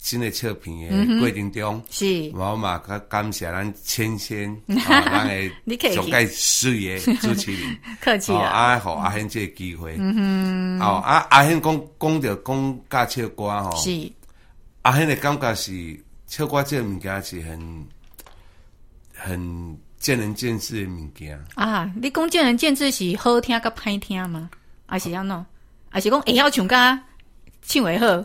新的測評嘅過程中，嗯、是也我嘛，佮感謝咱千千，啊，咱嘅足介水嘅主持人，嗯啊、客氣啦、啊嗯，啊，阿顯這個機會，哦、啊，阿阿顯講講着講教唱歌吼，阿顯嘅感覺是唱歌這物件是很很見仁見智嘅物件。啊，你講見仁見智是好聽佮歹聽嗎？還是安怎、啊？還是講會曉唱歌，唱會好？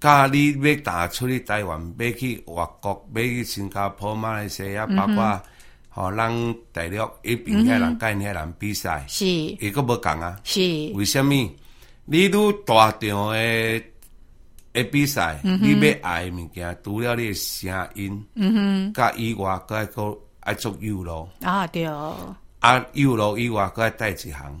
家你要打出去台灣，要去外國，要去新加坡、馬來西亞、嗯，包括可能、哦、大陸一邊嘅人，嗯、跟呢個人比賽，是一個冇講啊。是，為蝦米？你如大場嘅嘅比賽、嗯，你要愛嘅物件，除了你嘅聲音，嗯哼，加以外，佢係個愛做娛樂，啊對、哦，啊娛樂以外，佢係帶幾行？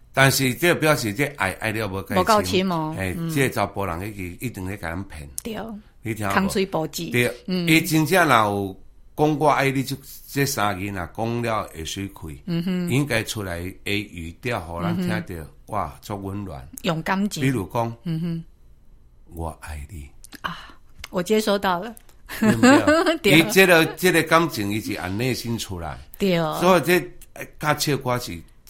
但是即係表示即愛，愛你又冇夠錢哦，誒、欸，即係查甫人一定一定會咧咁騙，對，你聽糖水好冇？對，伊、嗯、真正若有講過愛你就，即三個日啦，講了會水開，嗯哼，應該出來會語調互人聽到，嗯、哇，足溫暖。用感情。比如講，嗯哼，我愛你。啊，我接收到了。你即係即個感情，以及按內心出來。對。所以即係家俏歌是，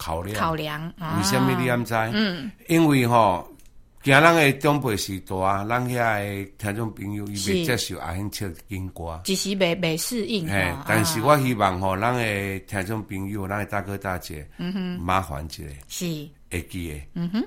考量考量，為、哦、什麼你安在、嗯？因為吼，今人嘅長輩是大啊，咱遐嘅聽眾朋友，伊未接受阿英唱閩歌，只是未未適應、哦。哎，但是我希望吼，咱、哦、嘅聽眾朋友，咱嘅大哥大姐，嗯、哼麻煩一下，是會記得。嗯哼。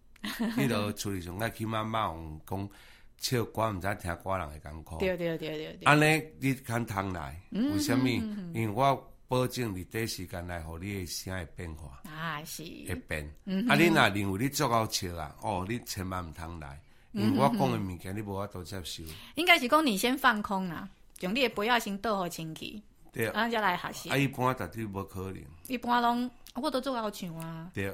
呢個處理上起碼媽貓講，超怪毋知聽歌人會感覺。對對對對，對，阿、啊、你啲肯通來，為蝦米？因為我保證你第一時間來互你嘅聲會變化。啊是，會變。嗯、啊，你若認為你做到笑啊，哦，你千萬毋通來。因為我講嘅物件你冇得接受。應該是講你先放空啊，用你的不要先倒互清氣。對，咁就嚟學習。啊、一般絕對無可能。一般攏我都做到笑啊。對。